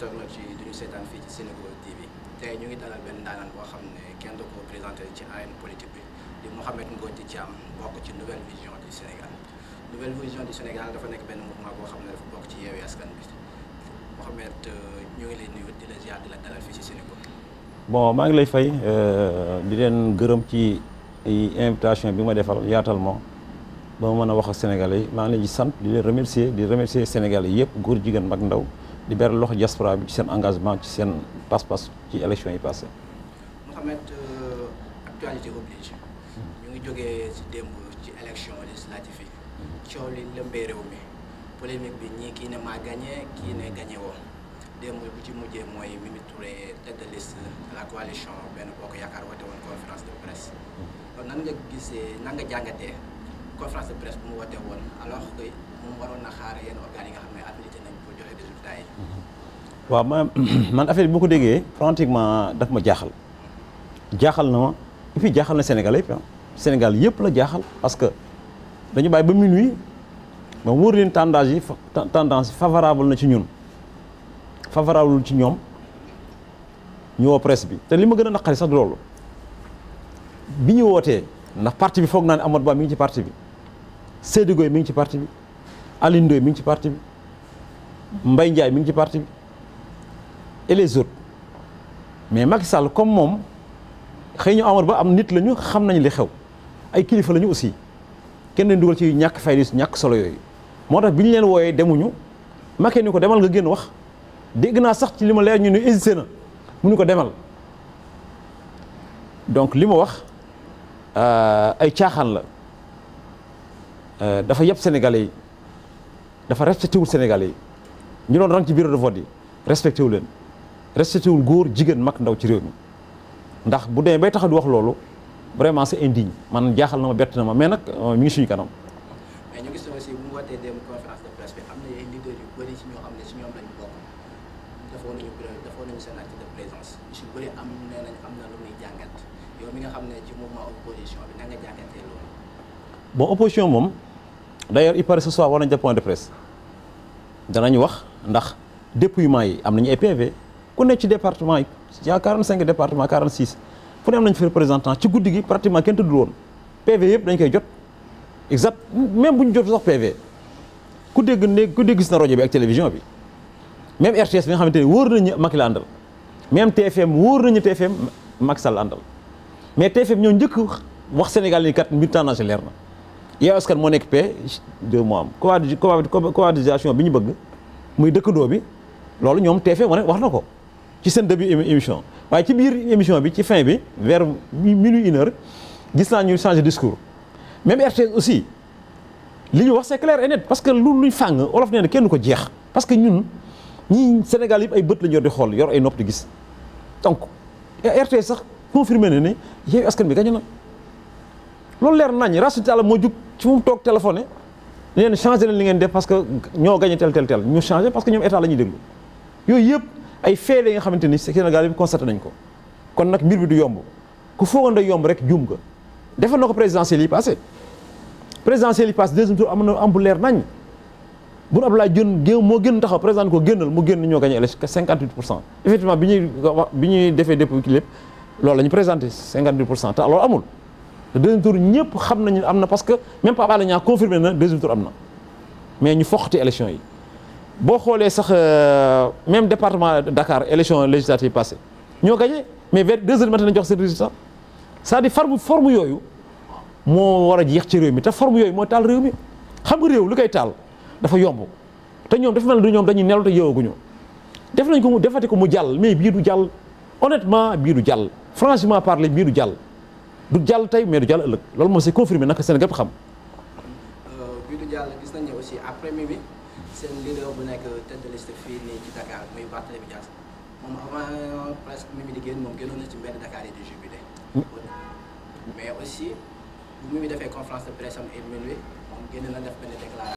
internet yi duñu seetaan fii ci Sénégo TV tey ñu ngi dalal benn ndaanaan boo xam ne kenn du ko présenté ci arène politique bi di Mouhamed Ngodji Thiam bokk ci nouvelle vision du Sénégal nouvelle vision du Sénégal dafa nekk benn mouvement boo xam ne dafa bokk ci yeewee askan bi Mouhamed euh, ñu ngi lay nuyu di la dalal fii ci Sénégo bon maa ngi lay fay euh, di leen gërëm ci invitation bi ma defal yaatal ma ba ma mën a wax ak sénégalais yi maa ngi leen di sant di leen remercier remercier sénégalais yëpp góor jigéen mag ndaw di beral loxo diaspora bi ci seen engagement ci seen pas-pas ci élection yi passé Mouhamed euh, actualité oblige ñu ngi jógee ci démb ci élection législative yi coow li lëmbee réew mi polémique bi ñii kii ne ma gagné kii ne gagné woo démb bu ci mujjee mooy Mimi Touré tête de liste la coalition benn bokk yaakaar woote woon conférence de presse kon nan nga gisee nan nga jàngatee conférence de presse bu mu woote woon alors que moom waroon na xaar yenn organes waaw ma man affaire boo ko déggee pratiquement daf ma jaaxal jaaxal na ma et puis jaaxal na Sénégal yëpp la jaaxal parce que dañu bàyyi ba minuit ba wóor leen tendance yi tendance favorable na ci ñun favorable ci ñoom ñu woo presse bi te li ma gën a naqari sax du loolu bi ñu wootee ndax parti bi foog naa ne Amadou Ba mi ngi ci parti bi Seydou Gueye mi ngi ci parti bi Alioune Ndoye mi ngi ci parti bi Mbaye Ndiaye mi ngi ci parti bi et les autres mais Macky Sall comme moom xëy ñu amar ba am nit lañu xam nañu li xew ay kilifa lañu aussi kenn leen dugal ci ñàkk fay ñàkk solo yooyu moo tax bi ñu leen wooyee demuñu Macky ni ko demal nga génn wax dégg naa sax ci li ma leer ñu ne hésité na ko demal donc li ma wax euh, ay caaxaan la euh, dafa yeb Sénégalais dafa respecté wul Sénégalais yi ñu doon rang ci bureau de vote yi respecté wu leen respecté wul góor jigéen mag ndaw ci réew mi ndax bu demee bay tax di wax loolu vraiment c'est indigne man jaaxal na ma na ma mais nag mi euh, ngi suñu kanam. gis aussi de presse bi am na ñoo xam ne ci ñoom lañu nga xam ne ci mouvement opposition bi na nga loolu. bon opposition moom d'ailleurs il paraît ce soir war nañ def point de presse danañ wax ndax dépouillement yi am nañu ay ku ne ci département yi y' cinq 45 département 46 fu ne am nañ fi représentant ci guddi gi pratiquement kenn tuddul woon PV dañ koy jot exact même bu ñu jot sax PV ku ku dégg gis na rajo bi ak télévision bi même RTS bi nga xamante ne wóor nañu Macky la même TFM wóor nañu TFM Macky Sall àndal mais TFM ñoo njëkk wax Sénégal ni kat mbir tendance leer na yow askan moo nekk paix deux mois am cohabitation bi ñu bëgg muy dëkkandoo bi loolu ñoom TFM wax na ko ci seen début émission waaye ci biir émission bi ci fin bi vers minuit une gis naa ñu changer discours même RTS aussi li ñu wax c'est clair et parce que lu luñ fàng olof nee na kenn ko jeex parce que ñun ñi Sénégal yëpp ay bët lañ yor di xool yor ay nopp di gis donc rt sax confirmé na ne Yewwi Askan Wi gañu na lool leer nañ Racine Talla moo jug ci mu toog téléphoné leen changé leen li ngeen def parce que ñoo gañe tel tel ñu changé parce que ñoom état la ñuy déglu yooyu yëpp ay fee la nga xamante ni Sénégal bi constaté nañ ko kon nag mbir bi du yomb ku foogoon da yomb rek juum nga defal na ko présidentielle yi passé présidentielle yi passé deuxième tour am na am bu leer nañ bu Abdoulaye Dione gé moo gën taxaw président ko génnal mu génn ñoo gagné élection pour cent effectivement bi ñuy bi ñuy defee depuis lépp loolu ñu présenté pour cent te loolu amul de deuxième tour ñëpp xam nañu am na parce que même Pape Alé Niang confirmé na deuxième tour am na mais ñu foxati élection yi boo xoolee sax euh, même département Dakar élection législative passée ñoo gagné mais vers deux heures du matin lañ jox seen résultat c'est-à-dire forme forme yooyu moo war a jeex ci réew mi te forme yooyu moo taal réew mi xam nga réew lu koy taal dafa yomb te ñoom dafa mel ne du ñoom dañuy nelu te yeewaguñu def nañ ko mu defati ko mu jàll mais bii du jàll honnêtement bii du jàll franchement parler bii du jàll du jàll tey mais du jàll ëllëg loolu moom c'est confirmé naka Sénégal xam. Euh, bii gis nañ aussi après bi seen leader bu nekk tête de liste fii nii ci Dakar muy Barthélémy Dias moom avant presque Mimi di génn moom génnoon na ci mbedd Dakar yi di jubilé. Hmm. mais aussi bu muy defee conférence de presse am ay minuit moom génn na def benn déclaration.